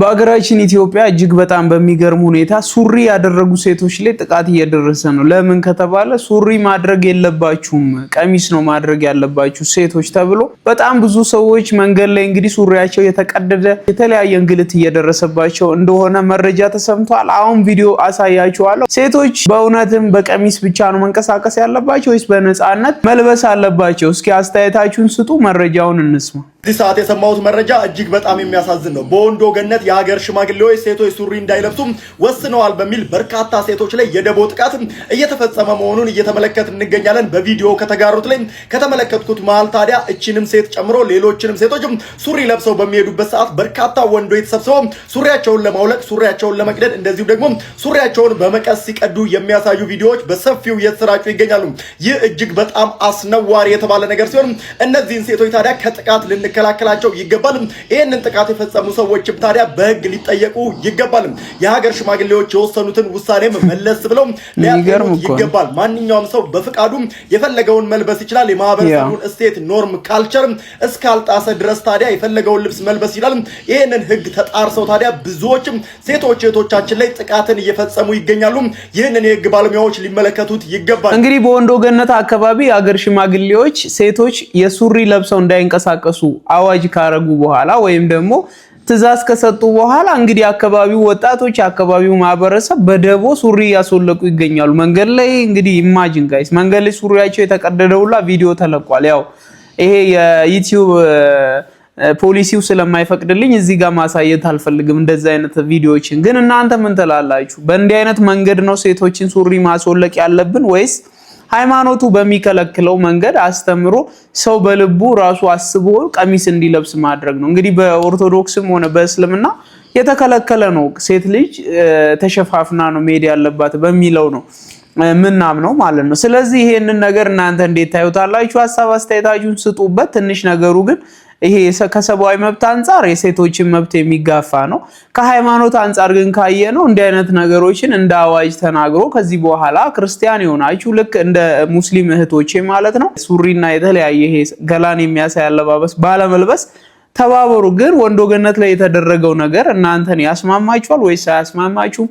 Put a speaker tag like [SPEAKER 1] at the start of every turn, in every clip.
[SPEAKER 1] በሀገራችን ኢትዮጵያ እጅግ በጣም በሚገርም ሁኔታ ሱሪ ያደረጉ ሴቶች ላይ ጥቃት እየደረሰ ነው። ለምን ከተባለ ሱሪ ማድረግ የለባችሁም ቀሚስ ነው ማድረግ ያለባችሁ ሴቶች ተብሎ በጣም ብዙ ሰዎች መንገድ ላይ እንግዲህ ሱሪያቸው የተቀደደ የተለያየ እንግልት እየደረሰባቸው እንደሆነ መረጃ ተሰምቷል። አሁን ቪዲዮ አሳያችኋለሁ። ሴቶች በእውነትም በቀሚስ ብቻ ነው መንቀሳቀስ ያለባቸው ወይስ በነፃነት መልበስ አለባቸው? እስኪ አስተያየታችሁን ስጡ። መረጃውን እንስማ። በዚህ ሰዓት የሰማሁት መረጃ እጅግ በጣም የሚያሳዝን ነው። በወንዶ ገነት የሀገር ሽማግሌዎች ሴቶች ሱሪ እንዳይለብሱ ወስነዋል በሚል በርካታ ሴቶች ላይ የደቦ ጥቃት እየተፈጸመ መሆኑን እየተመለከት እንገኛለን። በቪዲዮ ከተጋሩት ላይ ከተመለከትኩት መሀል ታዲያ እችንም ሴት ጨምሮ ሌሎችንም ሴቶች ሱሪ ለብሰው በሚሄዱበት ሰዓት በርካታ ወንዶች ተሰብስበው ሱሪያቸውን ለማውለቅ፣ ሱሪያቸውን ለመቅደድ እንደዚሁም ደግሞ ሱሪያቸውን በመቀስ ሲቀዱ የሚያሳዩ ቪዲዮዎች በሰፊው እየተሰራጩ ይገኛሉ። ይህ እጅግ በጣም አስነዋሪ የተባለ ነገር ሲሆን እነዚህን ሴቶች ታዲያ ከጥቃት ልንከ ሊከላከላቸው ይገባልም። ይህንን ጥቃት የፈጸሙ ሰዎችም ታዲያ በህግ ሊጠየቁ ይገባልም። የሀገር ሽማግሌዎች የወሰኑትን ውሳኔም መለስ ብለው ሊያገሩ ይገባል። ማንኛውም ሰው በፍቃዱ የፈለገውን መልበስ ይችላል። የማህበረሰቡን እሴት፣ ኖርም፣ ካልቸርም እስካልጣሰ ድረስ ታዲያ የፈለገውን ልብስ መልበስ ይችላል። ይህንን ህግ ተጣርሰው ታዲያ ብዙዎችም ሴቶች እህቶቻችን ላይ ጥቃትን እየፈጸሙ ይገኛሉ። ይህንን የህግ ባለሙያዎች ሊመለከቱት ይገባል። እንግዲህ በወንዶ ገነት አካባቢ የሀገር ሽማግሌዎች ሴቶች የሱሪ ለብሰው እንዳይንቀሳቀሱ አዋጅ ካረጉ በኋላ ወይም ደግሞ ትእዛዝ ከሰጡ በኋላ እንግዲህ አካባቢው ወጣቶች አካባቢው ማህበረሰብ በደቦ ሱሪ እያስወለቁ ይገኛሉ። መንገድ ላይ እንግዲህ ኢማጂን ጋይስ፣ መንገድ ላይ ሱሪያቸው የተቀደደ ሁላ ቪዲዮ ተለቋል። ያው ይሄ የዩቲዩብ ፖሊሲው ስለማይፈቅድልኝ እዚህ ጋር ማሳየት አልፈልግም፣ እንደዚህ አይነት ቪዲዮዎችን ግን እናንተ ምን ትላላችሁ? በእንዲህ አይነት መንገድ ነው ሴቶችን ሱሪ ማስወለቅ ያለብን ወይስ ሃይማኖቱ በሚከለክለው መንገድ አስተምሮ ሰው በልቡ ራሱ አስቦ ቀሚስ እንዲለብስ ማድረግ ነው። እንግዲህ በኦርቶዶክስም ሆነ በእስልምና የተከለከለ ነው። ሴት ልጅ ተሸፋፍና ነው መሄድ ያለባት በሚለው ነው ነው ማለት ነው። ስለዚህ ይሄንን ነገር እናንተ እንዴት ታዩታላችሁ? ሀሳብ አስተያየታችሁን ስጡበት። ትንሽ ነገሩ ግን ይሄ ከሰብአዊ መብት አንጻር የሴቶችን መብት የሚጋፋ ነው። ከሃይማኖት አንጻር ግን ካየ ነው እንዲህ አይነት ነገሮችን እንደ አዋጅ ተናግሮ ከዚህ በኋላ ክርስቲያን የሆናችሁ ልክ እንደ ሙስሊም እህቶቼ ማለት ነው ሱሪና የተለያየ ይሄ ገላን የሚያሳይ አለባበስ ባለመልበስ ተባበሩ። ግን ወንዶ ገነት ላይ የተደረገው ነገር እናንተን ያስማማችኋል ወይስ አያስማማችሁም?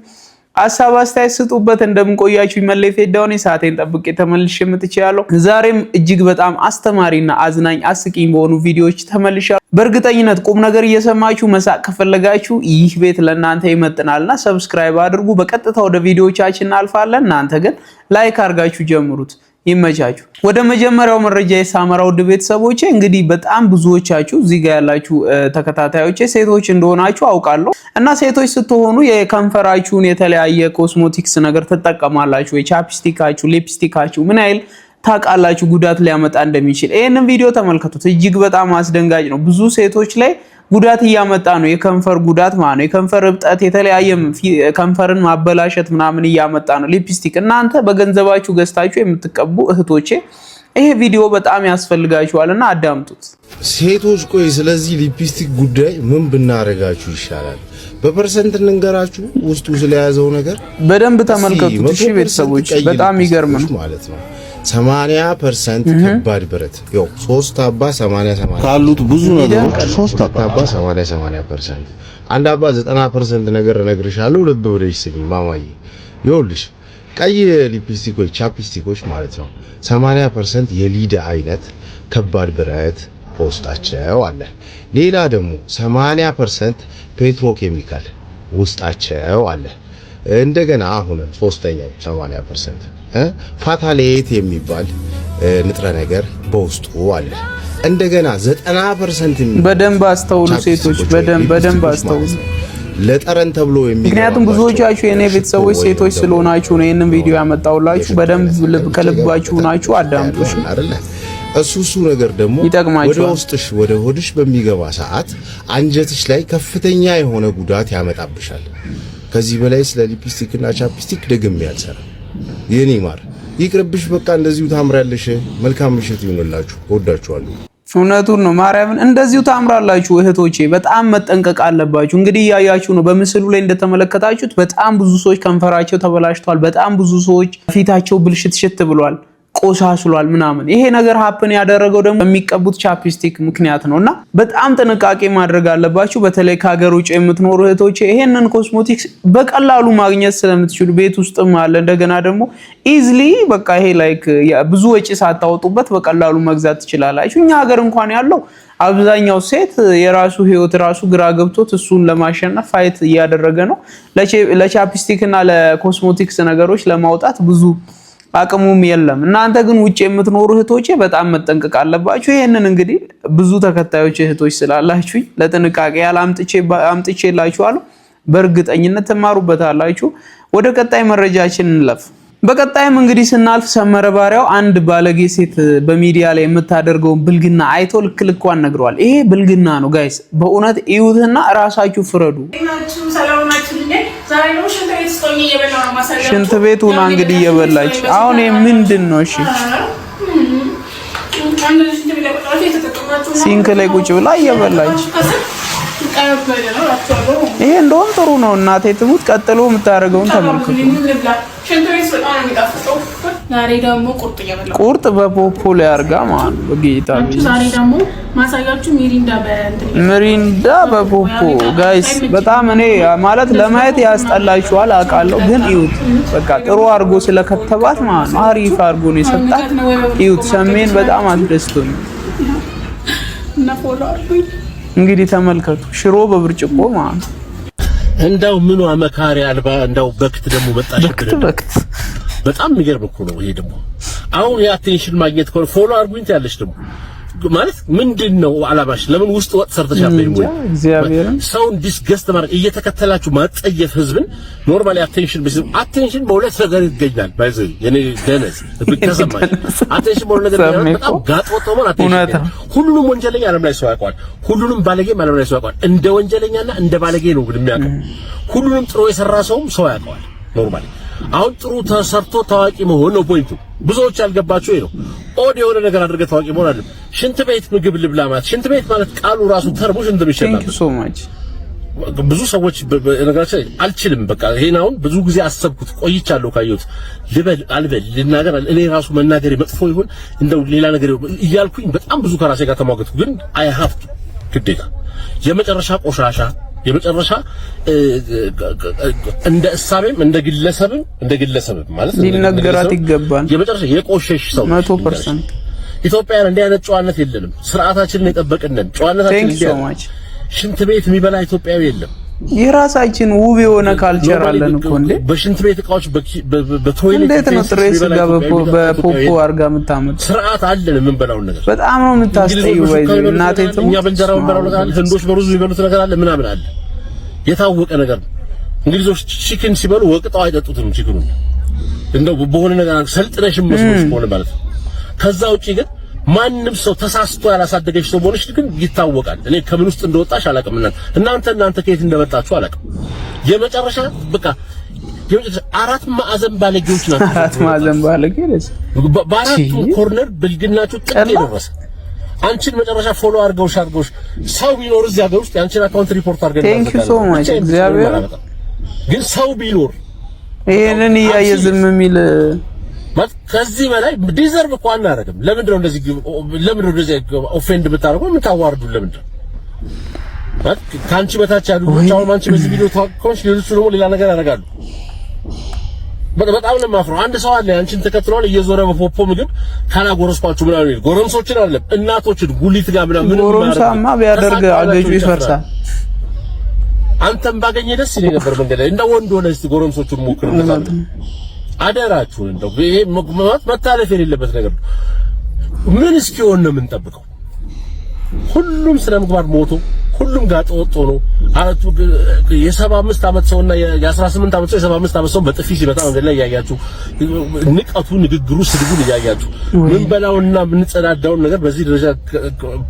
[SPEAKER 1] ሀሳብ አስተያየት ስጡበት። እንደምንቆያችሁ ይመለይ ፌዳውን ሰዓቴን ጠብቄ ተመልሼ የምትችላለሁ። ዛሬም እጅግ በጣም አስተማሪና አዝናኝ አስቂኝ በሆኑ ቪዲዮዎች ተመልሻለሁ። በእርግጠኝነት ቁም ነገር እየሰማችሁ መሳቅ ከፈለጋችሁ ይህ ቤት ለእናንተ ይመጥናልና ሰብስክራይብ አድርጉ። በቀጥታ ወደ ቪዲዮዎቻችን እናልፋለን። እናንተ ግን ላይክ አድርጋችሁ ጀምሩት። ይመቻችሁ። ወደ መጀመሪያው መረጃ የሳመራ ውድ ቤተሰቦቼ፣ እንግዲህ በጣም ብዙዎቻችሁ እዚህ ጋር ያላችሁ ተከታታዮቼ ሴቶች እንደሆናችሁ አውቃለሁ እና ሴቶች ስትሆኑ የከንፈራችሁን የተለያየ ኮስሞቲክስ ነገር ትጠቀማላችሁ። የቻፕስቲካችሁ፣ ሊፕስቲካችሁ ምን ያህል ታውቃላችሁ ጉዳት ሊያመጣ እንደሚችል። ይህንን ቪዲዮ ተመልከቱት። እጅግ በጣም አስደንጋጭ ነው። ብዙ ሴቶች ላይ ጉዳት እያመጣ ነው። የከንፈር ጉዳት ማለት ነው። የከንፈር እብጠት፣ የተለያየ ከንፈርን ማበላሸት ምናምን እያመጣ ነው። ሊፕስቲክ እናንተ በገንዘባችሁ ገዝታችሁ የምትቀቡ እህቶቼ ይሄ ቪዲዮ በጣም ያስፈልጋችኋል እና አዳምጡት
[SPEAKER 2] ሴቶች። ቆይ ስለዚህ ሊፕስቲክ ጉዳይ ምን ብናደርጋችሁ ይሻላል? በፐርሰንት እንንገራችሁ ውስጡ ስለያዘው ነገር
[SPEAKER 1] በደንብ ተመልከቱት። እሺ ቤተሰቦች፣ በጣም ይገርም ነው
[SPEAKER 2] ማለት ነው ሰማንያ ፐርሰንት ከባድ ብረት ያው ሶስት አባ ሰማንያ ሰማንያ
[SPEAKER 1] ካሉት ብዙ ነገሮች
[SPEAKER 2] ሶስት አባ ፐርሰንት አንድ አባ ዘጠና ፐርሰንት ነገር እነግርሻለሁ። ልብ ብለሽ ስሚ ማማዬ። ይኸውልሽ ቀይ ሊፕስቲኮች ቻፕስቲኮች ማለት ነው ሰማንያ ፐርሰንት የሊዳ አይነት ከባድ ብረት በውስጣቸው አለ። ሌላ ደግሞ ሰማንያ ፐርሰንት ፔትሮ ኬሚካል ውስጣቸው አለ። እንደገና አሁን ሶስተኛው ሰማንያ ፐርሰንት ፋታሌት የሚባል ንጥረ ነገር በውስጡ አለ። እንደገና 90% የሚሆን
[SPEAKER 1] በደንብ አስተውሉ ሴቶች፣ በደንብ በደንብ አስተውሉ።
[SPEAKER 2] ለጠረን ተብሎ የሚገባ
[SPEAKER 1] ምክንያቱም ብዙዎቻችሁ የኔ ቤተሰቦች ሴቶች ስለሆናችሁ ነው ይህንን ቪዲዮ ያመጣውላችሁ። በደንብ ልብ ከልባችሁ ናችሁ፣ አዳምጡሽ
[SPEAKER 2] አይደለ? እሱ እሱ ነገር ደግሞ ወደ ውስጥሽ ወደ ሆድሽ በሚገባ ሰዓት አንጀትሽ ላይ ከፍተኛ የሆነ ጉዳት ያመጣብሻል። ከዚህ በላይ ስለ ሊፕስቲክና ቻፕስቲክ ደግም ያልሰራ የኔ ማር ይቅርብሽ፣ በቃ እንደዚሁ ታምራለሽ። መልካም ምሽት ይሆንላችሁ። ወዳችኋለሁ።
[SPEAKER 1] እውነቱን ነው ማርያምን፣ እንደዚሁ ታምራላችሁ እህቶቼ። በጣም መጠንቀቅ አለባችሁ። እንግዲህ እያያችሁ ነው፣ በምስሉ ላይ እንደተመለከታችሁት በጣም ብዙ ሰዎች ከንፈራቸው ተበላሽቷል። በጣም ብዙ ሰዎች ፊታቸው ብልሽት ሽት ብሏል። ቆሳስሏል ምናምን። ይሄ ነገር ሀፕን ያደረገው ደግሞ የሚቀቡት ቻፕስቲክ ምክንያት ነው እና በጣም ጥንቃቄ ማድረግ አለባችሁ። በተለይ ከሀገር ውጭ የምትኖሩ እህቶች ይሄንን ኮስሞቲክስ በቀላሉ ማግኘት ስለምትችሉ ቤት ውስጥም አለ። እንደገና ደግሞ ኢዝሊ በቃ ይሄ ላይክ ብዙ ወጪ ሳታወጡበት በቀላሉ መግዛት ትችላላችሁ። እኛ ሀገር እንኳን ያለው አብዛኛው ሴት የራሱ ህይወት ራሱ ግራ ገብቶት እሱን ለማሸነፍ ፋይት እያደረገ ነው። ለቻፕስቲክ እና ለኮስሞቲክስ ነገሮች ለማውጣት ብዙ አቅሙም የለም። እናንተ ግን ውጭ የምትኖሩ እህቶቼ በጣም መጠንቀቅ አለባችሁ። ይህንን እንግዲህ ብዙ ተከታዮች እህቶች ስላላችሁኝ ለጥንቃቄ ያለ አምጥቼላችኋለሁ። በእርግጠኝነት ትማሩበታላችሁ። ወደ ቀጣይ መረጃችን እንለፍ። በቀጣይም እንግዲህ ስናልፍ ሰመረ ባሪያው አንድ ባለጌ ሴት በሚዲያ ላይ የምታደርገውን ብልግና አይቶ ልክ ልኳን ነግሯል። ይሄ ብልግና ነው ጋይስ፣ በእውነት እዩትና ራሳችሁ ፍረዱ። ሽንት ቤት ሆና እንግዲህ እየበላች አሁን ምንድን ነው? እሺ ሲንክ ላይ ቁጭ ብላ እየበላች ይሄ እንደውም ጥሩ ነው። እናቴ ትሙት ቀጥሎ የምታደርገውን ተመልክቶ ቁርጥ በፖፖ ላይ አድርጋ ማለት ነው። በጌታ ሚሪንዳ በፖፖ ጋይስ፣ በጣም እኔ ማለት ለማየት ያስጠላችኋል አውቃለሁ፣ ግን ይዩት በቃ ጥሩ አድርጎ ስለከተባት ማለት ነው። አሪፍ አድርጎ ነው የሰጣት። ይዩት ሰሜን በጣም አስደስቶኝ እንግዲህ ተመልከቱ፣ ሽሮ በብርጭቆ ማለት ነው።
[SPEAKER 2] እንደው ምኗ መካሪ አልባ እንደው በክት ደግሞ መጣሽ። በጣም የሚገርም እኮ ነው ይሄ ደግሞ። አሁን የአቴንሽን ማግኘት ከሆነ ፎሎ አርጉኝ ያለች ደግሞ ማለት ምንድን ነው አላማሽ? ለምን ውስጥ ወጥ ሰርተሽ አትበይም ወይ? ሰውን ዲስገስት ማድረግ እየተከተላችሁ ማጠየፍ ህዝብን ኖርማሊ አቴንሽን ቢስ አቴንሽን በሁለት ነገር ይገኛል። ባይዘ የኔ ደነስ ብትሰማኝ አቴንሽን በሁለት ነገር በጣም ጋጥ ወጥ ነው። አቴንሽን ሁሉንም ወንጀለኛ ዓለም ላይ ሰው ያውቀዋል። ሁሉንም ባለጌ ዓለም ላይ ሰው ያውቀዋል። እንደ ወንጀለኛና እንደ ባለጌ ነው የሚያውቀው። ሁሉንም ጥሩ የሰራ ሰውም ሰው ያውቀዋል ኖርማሊ አሁን ጥሩ ተሰርቶ ታዋቂ መሆን ነው ፖይንቱ። ብዙዎች ያልገባቸው ይሄ ነው። ኦድ የሆነ ነገር አድርገ ታዋቂ መሆን አይደለም። ሽንት ቤት ምግብ ልብላ ማለት ሽንት ቤት ማለት ቃሉ ራሱ ተርቦ ሽንት ቤት ይችላል። ብዙ ሰዎች ነገራችን አልችልም። በቃ ይሄን አሁን ብዙ ጊዜ አሰብኩት ቆይቻለሁ። ካየሁት ልበል አልበል ልናገር እኔ ራሱ መናገር መጥፎ ይሆን እንደው ሌላ ነገር እያልኩኝ በጣም ብዙ ከራሴ ጋር ተሟገትኩ። ግን አይ ሀፍቱ ግዴታ የመጨረሻ ቆሻሻ የመጨረሻ እንደ እሳቤም እንደ ግለሰብም እንደ ግለሰብም
[SPEAKER 1] ማለት ሊነገራት ይገባል።
[SPEAKER 2] የመጨረሻ የቆሸሽ ሰው
[SPEAKER 1] 100%
[SPEAKER 2] ኢትዮጵያን እንዲህ አይነት ጨዋነት የለንም። ስርዓታችንን የጠበቅንን ጨዋነታችን ሽንት ቤት የሚበላ ኢትዮጵያዊ የለም።
[SPEAKER 1] የራሳችን ውብ የሆነ ካልቸር አለን እኮ እንዴ!
[SPEAKER 2] በሽንት ቤት እቃዎች
[SPEAKER 1] በቶይሌት እንዴት ነው ጥሬ ስጋ በፖፖ አርጋ የምታመጣው?
[SPEAKER 2] ስርዓት አለ። የምንበላውን ነገር በጣም ነው የምታስጠይው። ወይ እናቴ ትሙት፣ እኛ በእንጀራ የምንበላው ነገር አለ። ህንዶች በሩዝ የሚበሉት ነገር አለ። ምናምን አለ። የታወቀ ነገር ነው። እንግሊዞች ቺክን ሲበሉ ወቅጠው አይጠጡትም። ቺክኑን እንደው በሆነ ነገር ሰልጥነሽ መስሎሽ ሆነ ማለት ነው። ከዛ ውጪ ግን ማንም ሰው ተሳስቶ ያላሳደገች ሰው መሆንሽ ግን ይታወቃል። እኔ ከምን ውስጥ እንደወጣሽ አላውቅም። እናንተ እናንተ ከየት እንደመጣችሁ አላውቅም። የመጨረሻ በቃ አራት ማዕዘን ባለጌዎች
[SPEAKER 1] ናቸው። አራት ማዕዘን ባለጌ
[SPEAKER 2] በአራቱ ኮርነር ብልግናችሁ ጥግ የደረሰ አንቺን መጨረሻ ፎሎ አድርገውሽ አድርገውሽ ሰው ቢኖር እዚህ ሀገር ውስጥ የአንቺን አካውንት ሪፖርት አድርገን ግን ሰው ቢኖር
[SPEAKER 1] ይሄንን እያየ ዝም የሚል
[SPEAKER 2] ከዚህ በላይ ዲዘርቭ እኮ አናደርግም። ለምንድን ነው እንደዚህ ለምንድን ነው እንደዚህ ኦፌንድ የምታደርገው? የምታዋርዱ ለምንድን ነው? ማለት ከአንቺ በታች ያሉ ብቻውን አንቺ በዚህ ቪዲዮ ታቆምሽ፣ ሌሎቹ ደግሞ ሌላ ነገር ያደርጋሉ። በጣም ነው የማፍረው። አንድ ሰው አለ አንቺን ተከትሏል እየዞረ በፖፖ ምግብ ካላጎረስኳችሁ ምናምን ይል ጎረምሶችን አይደለም እናቶችን ጉሊት ጋር
[SPEAKER 1] ምናምን ምንም ጎረምሳማ ቢያደርግ አገጁ ይፈርሳል።
[SPEAKER 2] አንተም ባገኘ ደስ ይለኝ ነበር መንገድ ላይ እንደ ወንድ ሆነ እስቲ ጎረምሶቹን ሞክር። አደራችሁን እንደው ይሄ መግመማት መታለፍ የሌለበት ነገር ነው። ምን እስኪሆን ነው የምንጠብቀው? ሁሉም ስነ ምግባር ሞቶ ሁሉም ጋጠ ወጥ ሆኖ አቱ የሰባ አምስት ዓመት ሰውና የ18 ዓመት ሰው የ75 ዓመት ሰው በጥፊ ሲመጣ መንገድ ላይ እያያችሁ ንቀቱ፣ ንግግሩ፣ ስድቡን እያያችሁ ምን በላውና ምን ጸዳዳውን ነገር በዚህ ደረጃ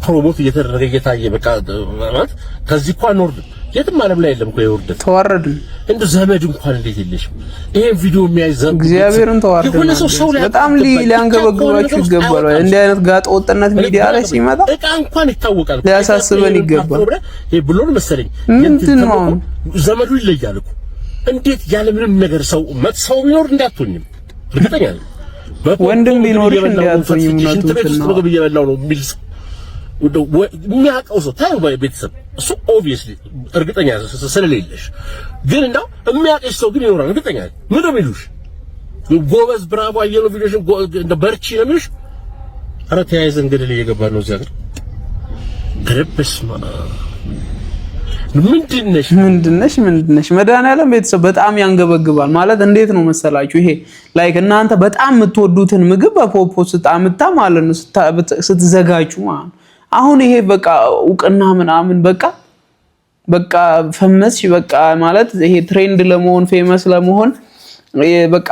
[SPEAKER 2] ፕሮሞት እየተደረገ እየታየ በቃ ማለት ከዚህ እንኳን እንወርድ የትም ዓለም ላይ የለም
[SPEAKER 1] እኮ የውርደት ተዋረድን።
[SPEAKER 2] እንደ ዘመድ እንኳን እንዴት የለሽም። ይሄን ቪዲዮ የሚያይ
[SPEAKER 1] ዘመድ እግዚአብሔርን ተዋረድን። በጣም ሊያንገበግባችሁ ይገባል። እንዲህ አይነት ጋጥ ወጥነት ሚዲያ ላይ ሲመጣ
[SPEAKER 2] እቃ እንኳን ይታወቃል፣
[SPEAKER 1] ሊያሳስበን ይገባል።
[SPEAKER 2] ይሄ ብሎን መሰለኝ ምንድን ነው ዘመዱ ይለያል እኮ እንዴት ያለ ምንም ነገር ሰው ሰው ቢኖር እንዳትሆኝም እርግጠኛ ነኝ።
[SPEAKER 1] ወንድም ቢኖር እንዳትሆኝም
[SPEAKER 2] ነው የሚል የሚያውቀው ሰው ታዩ ቤተሰብ እሱ ኦብቪየስሊ እርግጠኛ ስለሌለሽ፣ ግን ሰው ግን ይኖራል። እርግጠኛ ምን ነው የሚሉሽ? ጎበዝ ብራቮ፣ ቪዲዮሽን፣ እንደ በርቺ ነው የሚሉሽ። ኧረ ተያይዘን ገደል ነው። ምንድነሽ
[SPEAKER 1] ምንድነሽ ምንድነሽ? መድኃኒዓለም ቤተሰብ በጣም ያንገበግባል። ማለት እንዴት ነው መሰላችሁ? ይሄ ላይክ እናንተ በጣም የምትወዱትን ምግብ በፖፖ ስታምታ ማለት ነው ስትዘጋጁ ማለት ነው አሁን ይሄ በቃ እውቅና ምናምን በቃ በቃ ፈመስ በቃ ማለት ይሄ ትሬንድ ለመሆን ፌመስ ለመሆን በቃ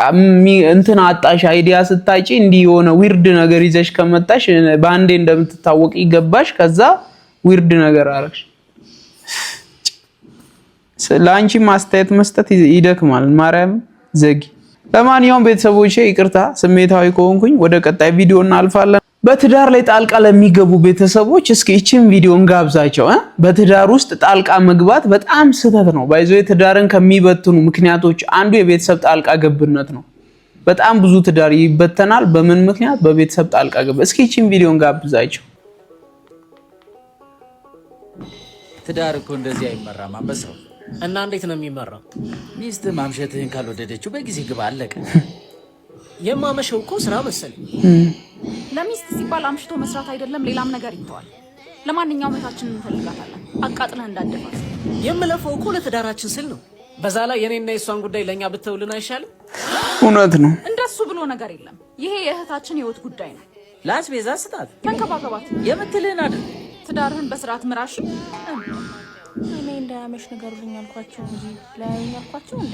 [SPEAKER 1] እንትን አጣሽ አይዲያ ስታጪ እንዲህ የሆነ ዊርድ ነገር ይዘሽ ከመጣሽ በአንዴ እንደምትታወቅ ይገባሽ። ከዛ ዊርድ ነገር አረግሽ። ለአንቺ ማስተያየት መስጠት ይደክማል። ማርያም ዘጊ። ለማንኛውም ቤተሰቦቼ ይቅርታ ስሜታዊ ከሆንኩኝ፣ ወደ ቀጣይ ቪዲዮ እናልፋለን። በትዳር ላይ ጣልቃ ለሚገቡ ቤተሰቦች እስኪ እቺን ቪዲዮ እንጋብዛቸው። በትዳር ውስጥ ጣልቃ መግባት በጣም ስህተት ነው። ባይዞ ትዳርን ከሚበትኑ ምክንያቶች አንዱ የቤተሰብ ጣልቃ ገብነት ነው። በጣም ብዙ ትዳር ይበተናል። በምን ምክንያት? በቤተሰብ ጣልቃ ገብ። እስኪ እቺን ቪዲዮ እንጋብዛቸው።
[SPEAKER 3] ትዳር እኮ እንደዚህ አይመራም አንበሳው። እና እንዴት ነው የሚመራው? ሚስት ማምሸትህን ካልወደደችው በጊዜ ግባ፣ አለቀ የማመሸው እኮ ስራ መሰለኝ። ለሚስት ሲባል አምሽቶ መስራት አይደለም ሌላም ነገር ይተዋል። ለማንኛውም እህታችንን እንፈልጋታለን። አቃጥለህ እንዳደፋት። የምለፈው እኮ ለትዳራችን ስል ነው። በዛ ላይ የኔና የእሷን ጉዳይ ለእኛ ብትውልን አይሻልም? እውነት ነው። እንደሱ ብሎ ነገር የለም። ይሄ የእህታችን ህይወት ጉዳይ ነው። ቤዛ ስጣት፣ ተንከባከባት፣ የምትልህን አድርግ። ትዳርህን በስርዓት ምራሽ። እኔ እንዳያመሽ ነገር አልኳቸው እንጂ ለያዩኝ እንዴ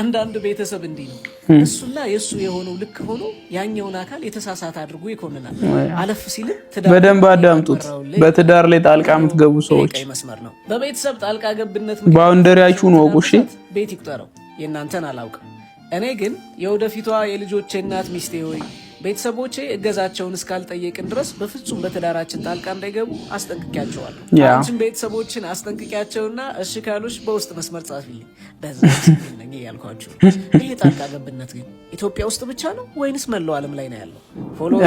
[SPEAKER 3] አንዳንድ ቤተሰብ እንዲህ ነው። እሱና የእሱ የሆነው ልክ ሆኖ ያኛውን አካል የተሳሳት አድርጎ ይኮንናል።
[SPEAKER 1] አለፍ ሲልም በደንብ አዳምጡት። በትዳር ላይ ጣልቃ የምትገቡ ሰዎች
[SPEAKER 3] መስመር ነው። በቤተሰብ ጣልቃ ገብነት
[SPEAKER 1] ባውንደሪያችሁን ወቁ።
[SPEAKER 3] ቤት ይቁጠረው፣ የእናንተን አላውቅም። እኔ ግን የወደፊቷ የልጆቼ እናት ሚስቴ ሆይ ቤተሰቦቼ እገዛቸውን እስካልጠየቅን ድረስ በፍጹም በትዳራችን ጣልቃ እንዳይገቡ አስጠንቅቂያቸዋለሁ። አንቺም ቤተሰቦችን አስጠንቅቂያቸውና እሺ ካሉሽ በውስጥ መስመር ጻፊልኝ። በዛ ያልኳቸው ይህ ጣልቃ ገብነት ግን ኢትዮጵያ ውስጥ ብቻ ነው ወይንስ መላው ዓለም ላይ ነው ያለው?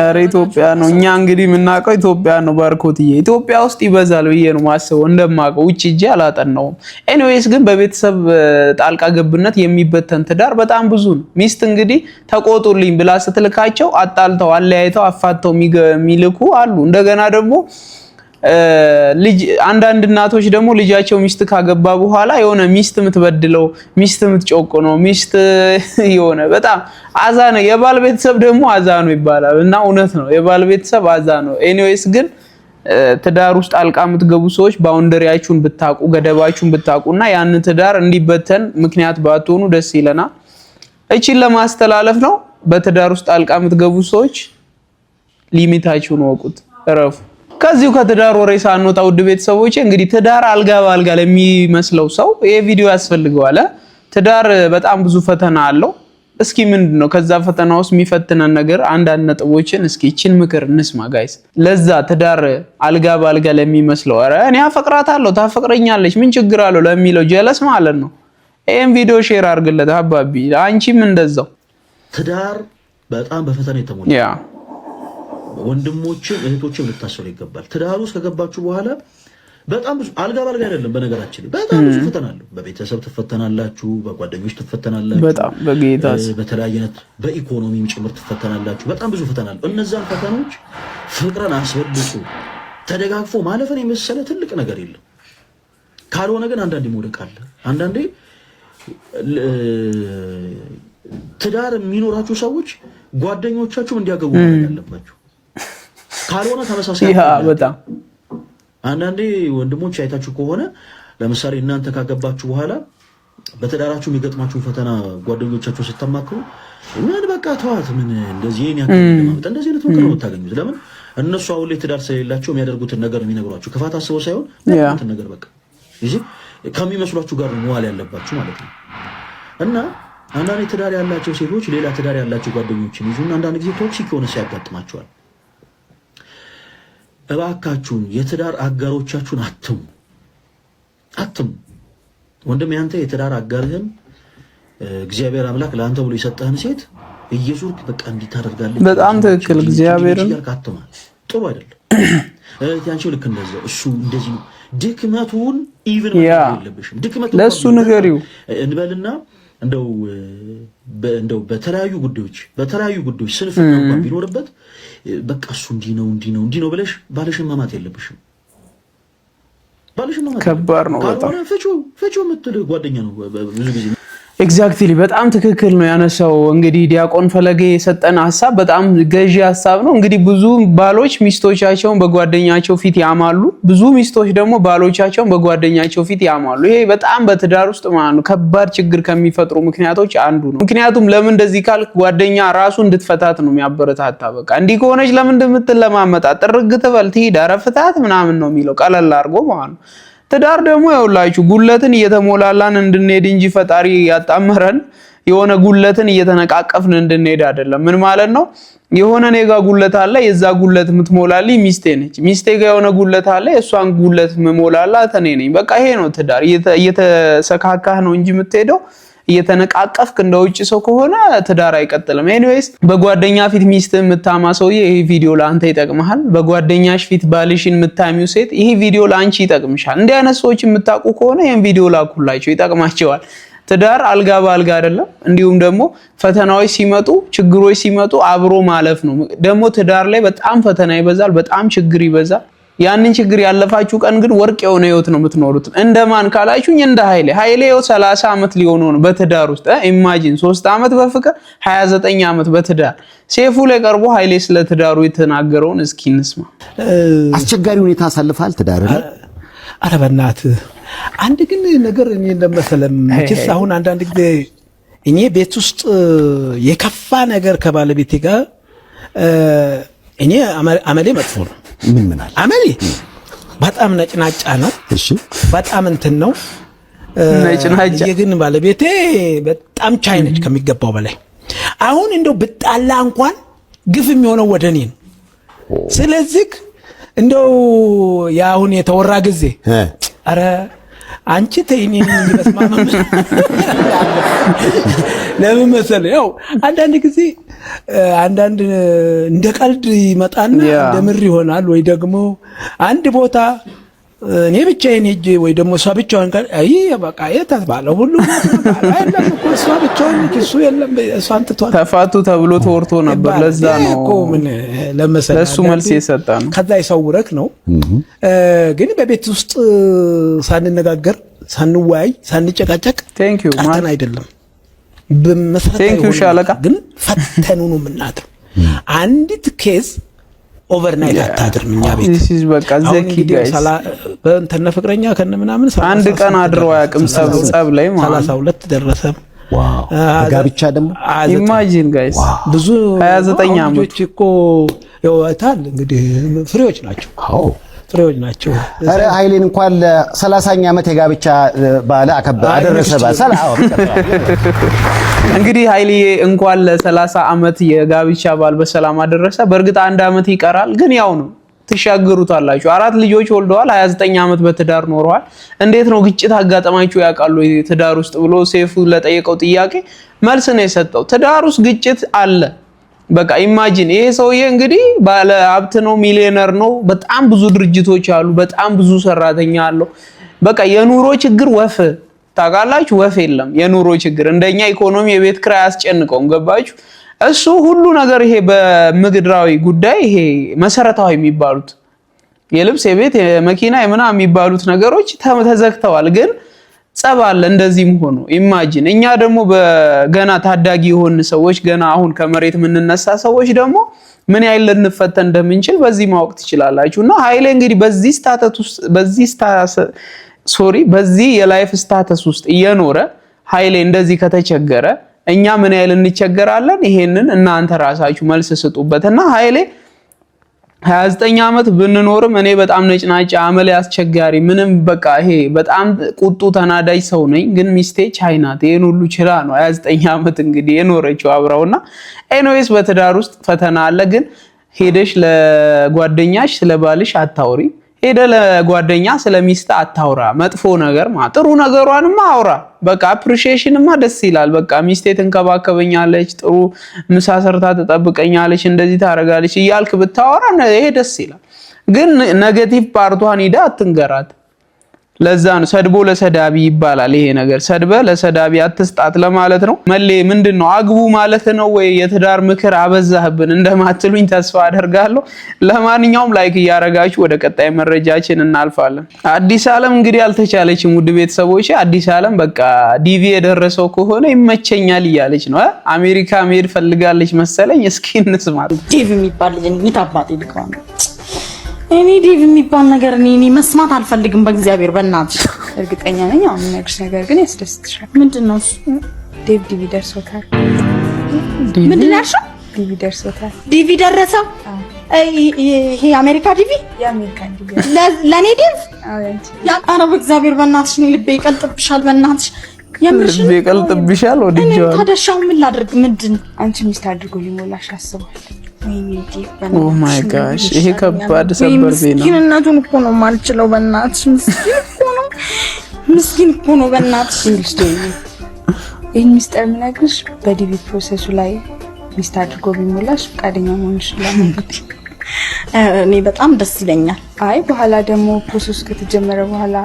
[SPEAKER 1] ኧረ ኢትዮጵያ ነው። እኛ እንግዲህ የምናውቀው ኢትዮጵያ ነው። ባርኮትዬ ኢትዮጵያ ውስጥ ይበዛል ብዬ ነው ማስበው፣ እንደማውቀው ውጭ እጄ አላጠናውም። ኤኒዌይስ ግን በቤተሰብ ጣልቃ ገብነት የሚበተን ትዳር በጣም ብዙ ነው። ሚስት እንግዲህ ተቆጡልኝ ብላ ስትልካቸው አጣልተው አለያይተው አፋተው የሚልኩ አሉ። እንደገና ደግሞ ልጅ አንዳንድ እናቶች ደግሞ ልጃቸው ሚስት ካገባ በኋላ የሆነ ሚስት የምትበድለው ሚስት ነው ሚስት የሆነ በጣም አዛ ነው። የባል ቤተሰብ ደግሞ አዛ ነው ይባላል እና እውነት ነው፣ የባል ቤተሰብ አዛ ነው። ኤኒዌይስ ግን ትዳር ውስጥ አልቃ የምትገቡ ሰዎች ባውንደሪያችሁን ብታቁ፣ ገደባችሁን ብታቁ እና ያን ትዳር እንዲበተን ምክንያት ባትሆኑ ደስ ይለናል። እቺን ለማስተላለፍ ነው። በትዳር ውስጥ ጣልቃ የምትገቡ ሰዎች ሊሚታችሁን ወቁት፣ እረፉ። ከዚሁ ከትዳር ወሬ ሳንወጣ ውድ ቤተሰቦቼ እንግዲህ ትዳር አልጋ በአልጋ ለሚመስለው ሰው ይሄ ቪዲዮ ያስፈልገዋል። ትዳር በጣም ብዙ ፈተና አለው። እስኪ ምንድን ነው ከዛ ፈተና ውስጥ የሚፈትነን ነገር አንዳንድ ነጥቦችን እስኪ ይችን ምክር እንስማ ጋይስ። ለዛ ትዳር አልጋ በአልጋ ለሚመስለው ኧረ እኔ አፈቅራታለሁ ታፈቅረኛለች ምን ችግር አለው ለሚለው ጀለስ ማለት ነው ይህም ቪዲዮ ሼር አድርግለት አባቢ አንቺም እንደዛው
[SPEAKER 2] ትዳር በጣም በፈተና የተሞላ ወንድሞችም እህቶችም ልታሰሩ ይገባል። ትዳር ውስጥ ከገባችሁ በኋላ በጣም ብዙ አልጋ ባልጋ አይደለም። በነገራችን በጣም ብዙ ፈተና አለው። በቤተሰብ ትፈተናላችሁ፣ በጓደኞች ትፈተናላችሁ፣ በተለያየ ነት በኢኮኖሚም ጭምር ትፈተናላችሁ። በጣም ብዙ ፈተና አለው። እነዛን ፈተናዎች ፍቅርን አስበልጡ። ተደጋግፎ ማለፍን የመሰለ ትልቅ ነገር የለም። ካልሆነ ግን አንዳንዴ መውደቅ አለ። አንዳንዴ ትዳር የሚኖራችሁ ሰዎች ጓደኞቻችሁም እንዲያገቡ ያለባቸው ካልሆነ ተመሳሳይ በጣም አንዳንዴ ወንድሞች አይታችሁ ከሆነ ለምሳሌ እናንተ ካገባችሁ በኋላ በትዳራችሁ የሚገጥማችሁን ፈተና ጓደኞቻችሁ ስታማክሩ ምን በቃ ተዋት፣ ምን እንደዚህ ይህን ያክል ለማመጣ እንደዚህ አይነት ምክር ነው የምታገኙት። ለምን እነሱ አሁን ላይ ትዳር ስለሌላቸው የሚያደርጉትን ነገር የሚነግሯችሁ ክፋት አስበው ሳይሆን ትን ነገር በቃ ከሚመስሏችሁ ጋር መዋል ያለባችሁ ማለት ነው እና አንዳንድ ትዳር ያላቸው ሴቶች ሌላ ትዳር ያላቸው ጓደኞችን ይዙና አንዳንድ ጊዜ ቶክሲክ የሆነ ሲያጋጥማቸዋል። እባካችሁን የትዳር አጋሮቻችሁን አትሙ አትሙ። ወንድም ያንተ የትዳር አጋርህን እግዚአብሔር አምላክ ለአንተ ብሎ የሰጠህን ሴት እየዞርክ በቃ እንዲህ ታደርጋለህ።
[SPEAKER 1] በጣም ትክክል። እግዚአብሔርን
[SPEAKER 2] ጥሩ አይደለም። ያንቺው ልክ እንደዚያው እሱ እንደዚህ ነው። ድክመቱን ኢቭን
[SPEAKER 1] የለብሽም። ድክመቱ ለእሱ ንገሪው
[SPEAKER 2] እንበልና እንደው በተለያዩ ጉዳዮች በተለያዩ ጉዳዮች ስንፍና እንኳን ቢኖርበት በቃ እሱ እንዲህ ነው እንዲህ ነው እንዲህ ነው ብለሽ ባልሽን መማት የለብሽም።
[SPEAKER 1] ባልሽን መማት ከባድ ነው።
[SPEAKER 2] በጣም ፍቺው ፍቺው የምትል ጓደኛ ነው ብዙ
[SPEAKER 1] ጊዜ ኤግዛክትሊ በጣም ትክክል ነው ያነሳው። እንግዲህ ዲያቆን ፈለገ የሰጠን ሀሳብ በጣም ገዢ ሀሳብ ነው። እንግዲህ ብዙ ባሎች ሚስቶቻቸውን በጓደኛቸው ፊት ያማሉ፣ ብዙ ሚስቶች ደግሞ ባሎቻቸውን በጓደኛቸው ፊት ያማሉ። ይሄ በጣም በትዳር ውስጥ ማለት ነው ከባድ ችግር ከሚፈጥሩ ምክንያቶች አንዱ ነው። ምክንያቱም ለምን እንደዚህ ካል ጓደኛ ራሱ እንድትፈታት ነው የሚያበረታታ። በቃ እንዲህ ከሆነች ለምን እንደምትለማመጣት ጥርግ ትበል ትሂድ፣ ኧረ ፍታት ምናምን ነው የሚለው ቀለል አድርጎ ማለት ነው። ትዳር ደግሞ ያውላችሁ ጉለትን እየተሞላላን እንድንሄድ እንጂ ፈጣሪ ያጣመረን የሆነ ጉለትን እየተነቃቀፍን እንድንሄድ አይደለም። ምን ማለት ነው? የሆነ እኔ ጋ ጉለት አለ፣ የዛ ጉለት የምትሞላልኝ ሚስቴ ነች። ሚስቴ ጋ የሆነ ጉለት አለ፣ የእሷን ጉለት የምሞላላት እኔ ነኝ። በቃ ይሄ ነው ትዳር። እየተሰካካህ ነው እንጂ የምትሄደው እየተነቃቀፍክ እንደ ውጭ ሰው ከሆነ ትዳር አይቀጥልም። ኤኒዌይስ በጓደኛ ፊት ሚስት የምታማ ሰውዬ ይህ ቪዲዮ ለአንተ ይጠቅመሃል። በጓደኛሽ ፊት ባልሽን የምታሚው ሴት ይህ ቪዲዮ ለአንቺ ይጠቅምሻል። እንዲህ አይነት ሰዎች የምታውቁ ከሆነ ይህን ቪዲዮ ላኩላቸው፣ ይጠቅማቸዋል። ትዳር አልጋ በአልጋ አይደለም። እንዲሁም ደግሞ ፈተናዎች ሲመጡ ችግሮች ሲመጡ አብሮ ማለፍ ነው። ደግሞ ትዳር ላይ በጣም ፈተና ይበዛል፣ በጣም ችግር ይበዛል። ያንን ችግር ያለፋችሁ ቀን ግን ወርቅ የሆነ ህይወት ነው የምትኖሩት። እንደማን ካላችሁኝ እንደ ኃይሌ ኃይሌ ይኸው 30 ዓመት ሊሆኑ ነው በትዳር ውስጥ ኢማጂን 3 ዓመት በፍቅር 29 ዓመት በትዳር ሴፉ ላይ ቀርቦ ኃይሌ ስለ ትዳሩ የተናገረውን እስኪ እንስማ።
[SPEAKER 2] አስቸጋሪ ሁኔታ አሳልፈሃል ትዳር አረ በእናትህ አንድ ግን ነገር እኔ እንደመሰለም መቼስ አሁን አንዳንድ ጊዜ እኔ ቤት ውስጥ የከፋ ነገር ከባለቤቴ ጋር እኔ አመሌ መጥፎ ነው ምን ምን አለ አመሌ በጣም ነጭናጫ ነው። እሺ በጣም እንትን ነው ነጭናጫ። የግን ባለቤቴ በጣም ቻይ ነች ከሚገባው በላይ። አሁን እንደው ብጣላ እንኳን ግፍ የሚሆነው ወደ እኔ ነው። ስለዚህ እንደው የአሁን የተወራ ጊዜ አረ አንቺ ተይኔ ለምን መሰለ ያው አንዳንድ ጊዜ አንዳንድ እንደ ቀልድ ይመጣና እንደ ምር ይሆናል ወይ ደግሞ አንድ ቦታ እኔ ብቻዬን ሄጄ ወይ ደግሞ እሷ ብቻዋን ጋር አይ በቃ የታት ባለ ሁሉ እሷ ብቻዋን እሱ የለም እሷን ትቷል
[SPEAKER 1] ተፋቱ ተብሎ ተወርቶ ነበር። ለዛ ነው እኮ ምን መልስ ነው።
[SPEAKER 2] ከዛ ነው። ግን በቤት ውስጥ ሳንነጋገር፣ ሳንወያይ፣ ሳንጨቃጨቅ ቴንክ ዩ ማን አይደለም
[SPEAKER 1] ቴንክ ዩ ሻለቃ ግን
[SPEAKER 2] ፈተኑ ነው አንዲት ኬዝ ኦቨርናይት አታድርም። እኛ
[SPEAKER 1] ቤት
[SPEAKER 2] በእንተነ ፍቅረኛ ከነ ምናምን
[SPEAKER 1] አንድ ቀን አድሮ አያውቅም። ጸብ ላይ
[SPEAKER 2] ሰላሳ ሁለት ደረሰ።
[SPEAKER 1] ጋብቻ ደግሞ ኢማጂን ጋይስ ብዙ ሀያ ዘጠኝ ዓመት
[SPEAKER 2] እኮ ይወታል። እንግዲህ ፍሬዎች ናቸው። ፍሬዎች ናቸው። ኧረ ኃይሌን እንኳን ለ 30 ዓመት የጋብቻ በዓል አከበ አደረሰ።
[SPEAKER 1] እንግዲህ ኃይሌ እንኳን ለ30 ዓመት የጋብቻ በዓል በሰላም አደረሰ። በእርግጥ አንድ ዓመት ይቀራል፣ ግን ያው ነው ትሻገሩታላችሁ። አራት ልጆች ወልደዋል። 29 ዓመት በትዳር ኖረዋል። እንዴት ነው ግጭት አጋጠማችሁ ያውቃሉ ትዳር ውስጥ ብሎ ሴፉ ለጠየቀው ጥያቄ መልስ ነው የሰጠው። ትዳር ውስጥ ግጭት አለ በቃ ኢማጂን ይሄ ሰውዬ እንግዲህ ባለ ሀብት ነው፣ ሚሊዮነር ነው። በጣም ብዙ ድርጅቶች አሉ፣ በጣም ብዙ ሰራተኛ አለው። በቃ የኑሮ ችግር ወፍ ታውቃላችሁ፣ ወፍ የለም የኑሮ ችግር። እንደኛ ኢኮኖሚ የቤት ክራይ አያስጨንቀውም። ገባችሁ? እሱ ሁሉ ነገር ይሄ በምድራዊ ጉዳይ ይሄ መሰረታዊ የሚባሉት የልብስ፣ የቤት፣ የመኪና፣ የምናምን የሚባሉት ነገሮች ተዘግተዋል ግን ጸብ አለ። እንደዚህም ሆኖ ኢማጂን እኛ ደግሞ በገና ታዳጊ የሆን ሰዎች ገና አሁን ከመሬት የምንነሳ ሰዎች ደግሞ ምን ያህል ልንፈተን እንደምንችል በዚህ ማወቅ ትችላላችሁ። እና ኃይሌ እንግዲህ በዚህ ስታተስ ውስጥ በዚህ ሶሪ በዚህ የላይፍ ስታተስ ውስጥ እየኖረ ኃይሌ እንደዚህ ከተቸገረ እኛ ምን ያህል እንቸገራለን? ይሄንን እናንተ ራሳችሁ መልስ ስጡበትና ኃይሌ 29 ዓመት ብንኖርም እኔ በጣም ነጭናጭ አመል ያስቸጋሪ ምንም በቃ ይሄ በጣም ቁጡ ተናዳጅ ሰው ነኝ። ግን ሚስቴ ቻይናት ይህን ሁሉ ችላ ነው 29 ዓመት እንግዲህ የኖረችው አብረውና። ኤኒዌይስ በትዳር ውስጥ ፈተና አለ። ግን ሄደሽ ለጓደኛሽ ስለ ባልሽ አታውሪ። ሄደ ለጓደኛ ስለ ሚስት አታውራ፣ መጥፎ ነገር ጥሩ ነገሯንማ አውራ። በቃ አፕሪሺዬሽንማ ደስ ይላል። በቃ ሚስቴ ትንከባከበኛለች፣ ጥሩ ምሳ ሰርታ ትጠብቀኛለች፣ እንደዚህ ታደርጋለች እያልክ ብታወራ ይሄ ደስ ይላል። ግን ኔጌቲቭ ፓርቷን ሂደ አትንገራት። ለዛ ነው ሰድቦ ለሰዳቢ ይባላል። ይሄ ነገር ሰድበ ለሰዳቢ አትስጣት ለማለት ነው። መሌ ምንድን ነው አግቡ ማለት ነው ወይ? የትዳር ምክር አበዛህብን እንደማትሉኝ ተስፋ አደርጋለሁ። ለማንኛውም ላይክ እያረጋችሁ ወደ ቀጣይ መረጃችን እናልፋለን። አዲስ ዓለም እንግዲህ አልተቻለችም። ውድ ቤተሰቦች አዲስ ዓለም በቃ ዲቪ የደረሰው ከሆነ ይመቸኛል እያለች ነው። አሜሪካ መሄድ ፈልጋለች መሰለኝ። እስኪ እንስማት። ዲቪ የሚባል ልጅ እኔ ዴቭ የሚባል ነገር እኔ እኔ መስማት አልፈልግም። በእግዚአብሔር በእናትሽ እርግጠኛ ነኝ። አሁን የምነግርሽ ነገር ግን ያስደስትሻል። ምንድን ነው እሱ? ዴቭ ዲቪ ደርሶታል። ምንድን ነው ያልሽው? ዲቪ ደርሶታል። ዲቪ ደረሰው? ይሄ የአሜሪካ ዲቪ ለእኔ ዴቭ? ኧረ በእግዚአብሔር በእናትሽ እኔ ልቤ ይቀልጥብሻል። በእናትሽ ልቤ ይቀልጥብሻል። ወዲህ ታዲያ ሻውን ምን ላድርግ? ምንድን አንቺ ሚስት አድርጎ ሊሞላሽ አስቧል። ኦ ማይ ጋሽ ይሄ ከባድ ሰበር ዜና። ምስኪንነቱን እኮ ነው የማልችለው። በእናትሽ ምስኪን እኮ ነው፣ ምስኪን እኮ ነው በእናትሽ። ይልሽ ይህን ሚስጥር የምነግርሽ በዲቪ ፕሮሰሱ ላይ ሚስት አድርጎ ቢሞላሽ ፈቃደኛ መሆንሽ እኔ በጣም ደስ ይለኛል። አይ በኋላ ደግሞ ፕሮሰሱ ከተጀመረ በኋላ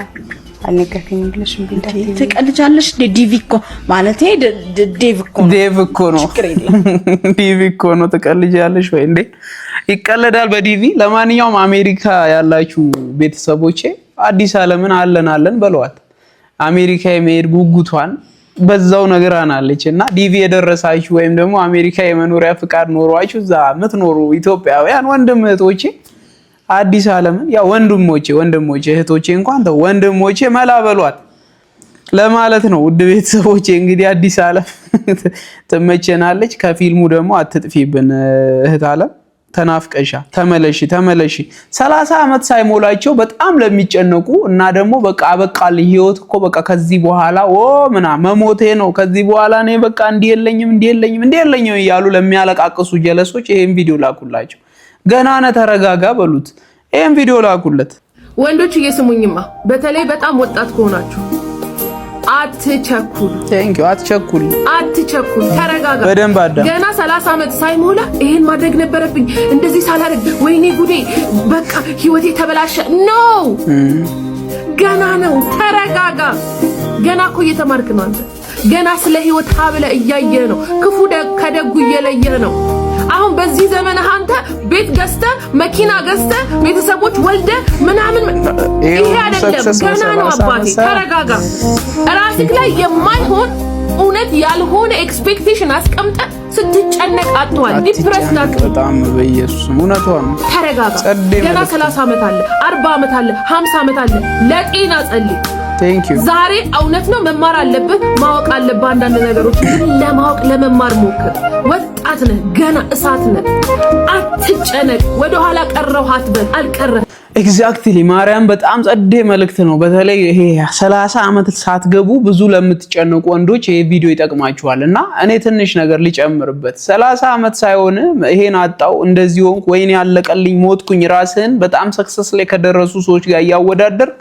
[SPEAKER 1] አልነገርከኝም ብለሽ ትቀልጃለሽ። እኮ ዴቭ እኮ ዴቭ እኮ ነው፣ እኮ ነው። ትቀልጃለሽ ወይ እንዴ? ይቀለዳል በዲቪ። ለማንኛውም አሜሪካ ያላችሁ ቤተሰቦቼ አዲስ አለምን አለን አለን በለዋት። አሜሪካ የመሄድ ጉጉቷን በዛው አናለች እና ዲቪ የደረሳችሁ ወይም ደግሞ አሜሪካ የመኖሪያ ፍቃድ ኖሯችሁ እዛ የምትኖሩ ኢትዮጵያውያን ወንድም እህቶቼ አዲስ ዓለምን ያ ወንድሞቼ ወንድሞቼ እህቶቼ እንኳን ተው ወንድሞቼ መላ በሏት ለማለት ነው። ውድ ቤተሰቦቼ እንግዲህ አዲስ ዓለም ትመቸናለች። ከፊልሙ ደግሞ አትጥፊብን እህት ዓለም ተናፍቀሻ ተመለሺ ተመለሺ። ሰላሳ ዓመት ሳይሞላቸው በጣም ለሚጨነቁ እና ደግሞ በቃ አበቃልኝ ህይወት እኮ በቃ ከዚህ በኋላ ኦ ምና መሞቴ ነው ከዚህ በኋላ እኔ በቃ እንዲህ የለኝም እንዲህ የለኝም እንዲህ የለኝም እያሉ ለሚያለቃቅሱ ጀለሶች ይሄን ቪዲዮ ላኩላቸው። ገና ነህ ተረጋጋ በሉት። ይህም ቪዲዮ ላኩለት። ወንዶች እየስሙኝማ፣ በተለይ በጣም ወጣት ከሆናችሁ አትቸኩል። ቴንኪው። አትቸኩል፣ አትቸኩል፣ ተረጋጋ። በደንብ አዳም። ገና 30 ዓመት ሳይሞላ ይሄን ማድረግ ነበረብኝ፣ እንደዚህ ሳላደርግ ወይኔ ጉዴ፣ በቃ ህይወቴ ተበላሸ። ኖ ገና ነው፣ ተረጋጋ። ገና እኮ እየተማርክ ነው አንተ። ገና ስለ ህይወት ሀብለ እያየ ነው፣ ክፉ ከደጉ እየለየ ነው። አሁን በዚህ ዘመን አንተ ቤት ገዝተ መኪና ገዝተ ቤተሰቦች ወልደ ምናምን ይሄ አይደለም። ገና ነው አባቴ፣ ተረጋጋ። ራስህ ላይ የማይሆን እውነት ያልሆነ ኤክስፔክቴሽን አስቀምጠ ስትጨነቅ አጥቷል። ዲፕረስ ናት በጣም በኢየሱስ እውነቷ ነው። ተረጋጋ። ገና 30 ዓመት አለ፣ 40 ዓመት አለ፣ 50 ዓመት አለ። ለጤና ጸልይ። ዛሬ እውነት ነው መማር አለብህ፣ ማወቅ አለብህ። አንዳንድ ነገሮች ግን ለማወቅ ለመማር ሞክር። ወጣት ነህ፣ ገና እሳት ነህ። አትጨነቅ፣ ወደኋላ ቀረሁ አትበል፣ አልቀረህም። ኤግዛክትሊ ማርያም በጣም ጸዴ መልእክት ነው። በተለይ ይሄ 30 ዓመት ሳትገቡ ብዙ ለምትጨነቁ ወንዶች ይሄ ቪዲዮ ይጠቅማችኋል እና እኔ ትንሽ ነገር ሊጨምርበት 30 ዓመት ሳይሆን ይሄን አጣው እንደዚህ ሆንኩ ወይኔ ያለቀልኝ ሞትኩኝ ራስህን በጣም ሰክሰስ ላይ ከደረሱ ሰዎች ጋር እያወዳደርክ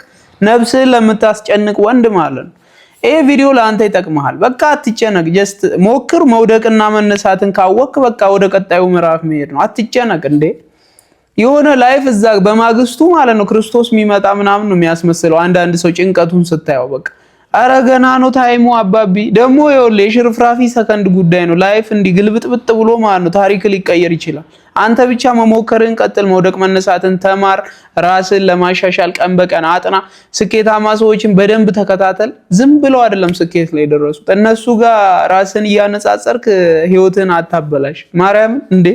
[SPEAKER 1] ነፍስህን ለምታስጨንቅ ወንድ ማለት ነው ይህ ቪዲዮ ለአንተ ይጠቅመሃል። በቃ አትጨነቅ። ጀስት ሞክር። መውደቅና መነሳትን ካወቅ በቃ ወደ ቀጣዩ ምዕራፍ መሄድ ነው። አትጨነቅ እንዴ የሆነ ላይፍ እዛ በማግስቱ ማለት ነው ክርስቶስ የሚመጣ ምናምን ነው የሚያስመስለው አንዳንድ ሰው ጭንቀቱን ስታየው በቃ አረ ገና ነው ታይሙ አባቢ። ደግሞ ይኸውልህ የሽርፍራፊ ሰከንድ ጉዳይ ነው። ላይፍ እንዲህ ግልብጥብጥ ብሎ ማለት ነው ታሪክ ሊቀየር ይችላል። አንተ ብቻ መሞከርን ቀጥል፣ መውደቅ መነሳትን ተማር፣ ራስን ለማሻሻል ቀን በቀን አጥና፣ ስኬታማ ሰዎችን በደንብ ተከታተል። ዝም ብለው አይደለም ስኬት ላይ ደረሱት፣ እነሱ ጋር ራስን እያነጻጸርክ ህይወትን አታበላሽ። ማርያም እንዴ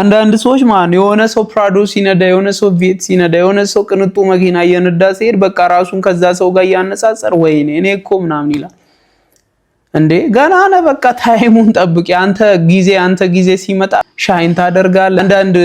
[SPEAKER 1] አንዳንድ ሰዎች ማን የሆነ ሰው ፕራዶ ሲነዳ የሆነ ሰው ቬት ሲነዳ የሆነ ሰው ቅንጡ መኪና እየነዳ ሲሄድ በቃ ራሱን ከዛ ሰው ጋር እያነጻጸር ወይኔ እኔ እኮ ምናምን ይላል። እንዴ ገና ነህ። በቃ ታይሙን ጠብቅ። አንተ ጊዜ አንተ ጊዜ ሲመጣ ሻይን ታደርጋለህ። አንዳንድ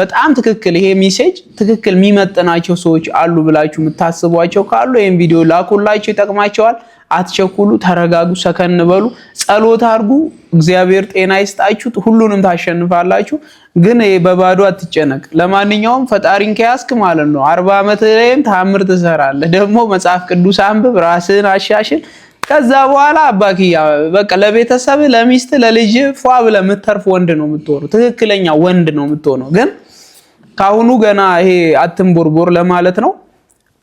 [SPEAKER 1] በጣም ትክክል ይሄ ሜሴጅ ትክክል የሚመጥናቸው ሰዎች አሉ ብላችሁ የምታስቧቸው ካሉ ይህን ቪዲዮ ላኩላቸው፣ ይጠቅማቸዋል። አትቸኩሉ፣ ተረጋጉ፣ ሰከን በሉ፣ ጸሎት አድርጉ። እግዚአብሔር ጤና ይስጣችሁ። ሁሉንም ታሸንፋላችሁ። ግን በባዶ አትጨነቅ። ለማንኛውም ፈጣሪን ከያዝክ ማለት ነው አርባ ዓመት ላይም ታምር ትሰራለህ። ደግሞ መጽሐፍ ቅዱስ አንብብ፣ ራስህን አሻሽል። ከዛ በኋላ አባክያ በቃ ለቤተሰብ፣ ለሚስት፣ ለልጅ ፏ ብለህ የምትተርፍ ወንድ ነው የምትሆነው። ትክክለኛ ወንድ ነው የምትሆነው። ግን ከአሁኑ ገና ይሄ አትንቦርቦር ለማለት ነው።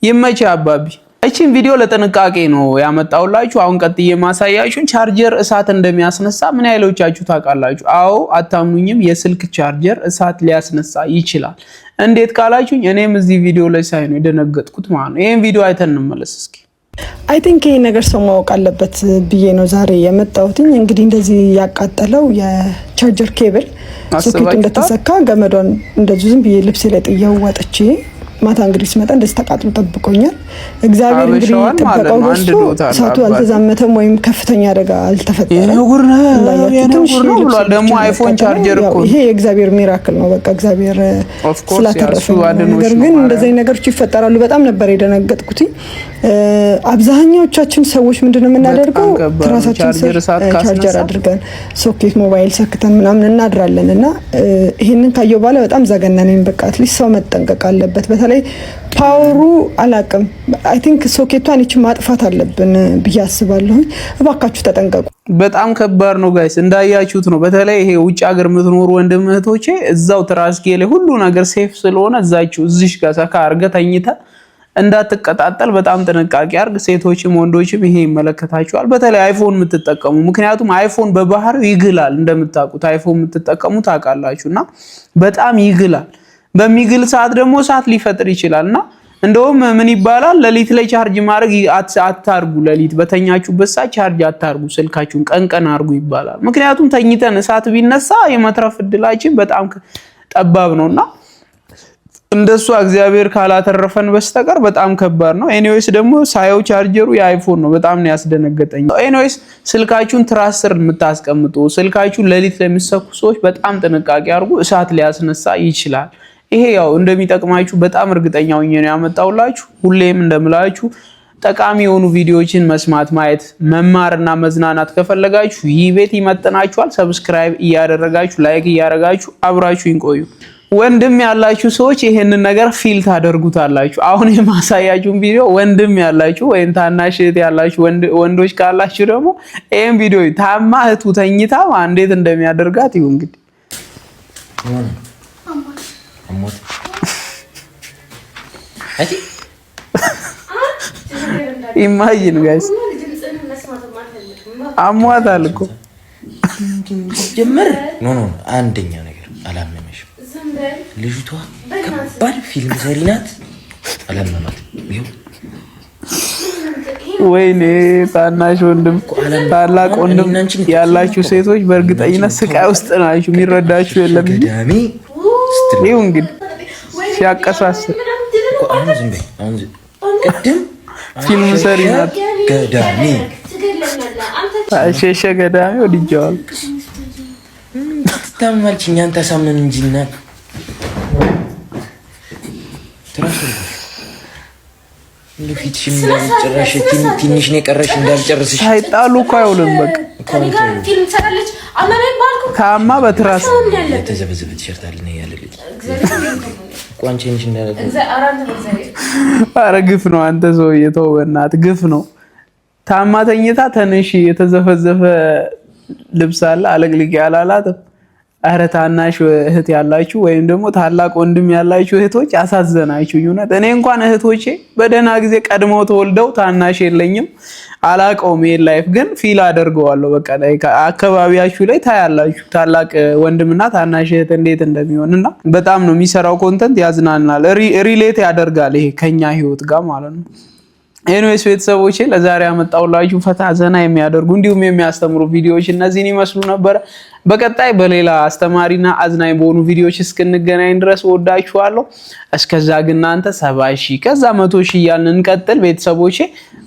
[SPEAKER 1] ይመቼ አባቢ። እቺን ቪዲዮ ለጥንቃቄ ነው ያመጣውላችሁ። አሁን ቀጥዬ ማሳያችሁን ቻርጀር እሳት እንደሚያስነሳ ምን ያህሎቻችሁ ታውቃላችሁ? አዎ አታምኑኝም፣ የስልክ ቻርጀር እሳት ሊያስነሳ ይችላል። እንዴት ካላችሁኝ እኔም እዚህ ቪዲዮ ላይ ሳይ ነው የደነገጥኩት ማለት ነው። ይህን ቪዲዮ አይተን እንመለስ እስኪ። አይ ቲንክ ይሄ ነገር ሰው ማወቅ አለበት ብዬ ነው ዛሬ የመጣሁትኝ። እንግዲህ እንደዚህ ያቃጠለው የቻርጀር ኬብል ሶኬቱ እንደተሰካ ገመዷን እንደዚሁ ዝም ብዬ ልብሴ ላይ ጥየው ወጥቼ ማታ እንግዲህ ሲመጣ እንደዚህ ተቃጥሎ ጠብቆኛል። እግዚአብሔር እንግዲህ ጠበቀው በሱ እሳቱ አልተዛመተም ወይም ከፍተኛ አደጋ አልተፈጠረም። አይፎን ቻርጀር እኮ ይሄ የእግዚአብሔር ሚራክል ነው። በቃ እግዚአብሔር ስላተረፈ ነገር ግን እንደዚህ ነገሮች ይፈጠራሉ። በጣም ነበር የደነገጥኩትኝ። አብዛኛዎቻችን ሰዎች ምንድነው የምናደርገው ራሳችን ቻርጀር አድርገን ሶኬት ሞባይል ሰክተን ምናምን እናድራለን እና ይህንን ካየው በኋላ በጣም ዘገናነኝ። በቃ አትሊስት ሰው መጠንቀቅ አለበት። በተለይ ፓወሩ አላቅም። አይ ቲንክ ሶኬቷን ይች ማጥፋት አለብን ብዬ አስባለሁኝ። እባካችሁ ተጠንቀቁ። በጣም ከባድ ነው ጋይስ፣ እንዳያችሁት ነው። በተለይ ይሄ ውጭ ሀገር የምትኖሩ ወንድም እህቶቼ እዛው ትራስጌ ላይ ሁሉ ነገር ሴፍ ስለሆነ እዛችሁ እዚሽ ጋር ሰካ አርገ ተኝተ እንዳትቀጣጠል በጣም ጥንቃቄ አድርግ። ሴቶችም ወንዶችም ይሄ ይመለከታችኋል። በተለይ አይፎን የምትጠቀሙ ምክንያቱም አይፎን በባህሪው ይግላል። እንደምታውቁት አይፎን የምትጠቀሙ ታውቃላችሁ እና በጣም ይግላል። በሚግል ሰዓት ደግሞ እሳት ሊፈጥር ይችላል እና እንደውም ምን ይባላል ሌሊት ላይ ቻርጅ ማድረግ አታርጉ። ሌሊት በተኛችሁበት ሰዓት ቻርጅ አታርጉ ስልካችሁን፣ ቀንቀን አርጉ ይባላል። ምክንያቱም ተኝተን እሳት ቢነሳ የመትረፍ እድላችን በጣም ጠባብ እና እንደሱ እግዚአብሔር ካላተረፈን በስተቀር በጣም ከባድ ነው። ኤኒዌይስ ደግሞ ሳየው ቻርጀሩ የአይፎን ነው። በጣም ነው ያስደነገጠኝ። ኤኒዌይስ ስልካችሁን ትራስ ስር የምታስቀምጡ ስልካችሁን ሌሊት ለሚሰኩ ሰዎች በጣም ጥንቃቄ አድርጉ። እሳት ሊያስነሳ ይችላል። ይሄ ያው እንደሚጠቅማችሁ በጣም እርግጠኛ ሆኜ ነው ያመጣውላችሁ። ሁሌም እንደምላችሁ ጠቃሚ የሆኑ ቪዲዮዎችን መስማት፣ ማየት፣ መማርና መዝናናት ከፈለጋችሁ ይህ ቤት ይመጥናችኋል። ሰብስክራይብ እያደረጋችሁ ላይክ እያደረጋችሁ አብራችሁ ይቆዩ። ወንድም ያላችሁ ሰዎች ይሄንን ነገር ፊል ታደርጉታላችሁ። አሁን የማሳያችሁን ቪዲዮ ወንድም ያላችሁ ወይም ታናሽ እህት ያላችሁ ወንዶች ካላችሁ ደግሞ ይሄን ቪዲዮ ታማ እህቱ ተኝታ እንዴት እንደሚያደርጋት ይሁን እንግዲህ ኢማጂን ጋይስ አሟታል እኮ ጀምር። አንደኛ ነገር አላመመሽም ልጅቷ ከባድ ፊልም ሰሪ ናት። አላመማት። ወይኔ ታናሽ ወንድም፣ ታላቅ ወንድም ያላችሁ ሴቶች በእርግጠኝነት ስቃይ ውስጥ ናችሁ። የሚረዳችሁ የለም። ይኸው እንግዲህ ሲያቀሳስር ፊልም ሰሪ ናት። ገዳሚ ሸሸ ገዳሚ ወድጀዋል። ታመማልች። እኛን ተሳምነን እንጂ እናት ትንሽ ነው የቀረሽ እንዳልጨርስሽ። ሳይጣሉ እኮ በቃ በትራስ ግፍ ነው አንተ ሰውዬ፣ ተው በእናትህ ግፍ ነው። ታማ ተኝታ የተዘፈዘፈ ልብስ አለ እረ ታናሽ እህት ያላችሁ ወይም ደግሞ ታላቅ ወንድም ያላችሁ እህቶች አሳዘናችሁ። እውነት እኔ እንኳን እህቶቼ በደህና ጊዜ ቀድሞ ተወልደው ታናሽ የለኝም፣ አላቀውም ይሄን ላይፍ ግን ፊል አደርገዋለሁ። በቃ ላይ አካባቢያችሁ ላይ ታያላችሁ ታላቅ ወንድምና ታናሽ እህት እንዴት እንደሚሆንና በጣም ነው የሚሰራው ኮንተንት ያዝናናል፣ ሪሌት ያደርጋል ይሄ ከኛ ህይወት ጋር ማለት ነው። ኤንዌስ ቤተሰቦቼ ለዛሬ ያመጣውላችሁ ፈታ ዘና የሚያደርጉ እንዲሁም የሚያስተምሩ ቪዲዮዎች እነዚህን ይመስሉ ነበር። በቀጣይ በሌላ አስተማሪና አዝናኝ በሆኑ ቪዲዮዎች እስክንገናኝ ድረስ ወዳችኋለሁ። እስከዛ ግን እናንተ ሰባ ሺህ ከዛ መቶ ሺ እያልን እንቀጥል። ቤተሰቦቼ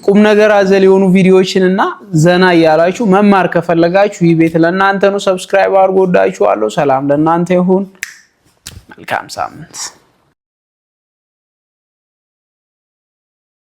[SPEAKER 1] ቁም ነገር አዘል የሆኑ ቪዲዮዎችን እና ዘና እያላችሁ መማር ከፈለጋችሁ ይህ ቤት ለእናንተ ነው። ሰብስክራይብ አድርጎ ወዳችኋለሁ። ሰላም ለእናንተ ይሁን። መልካም ሳምንት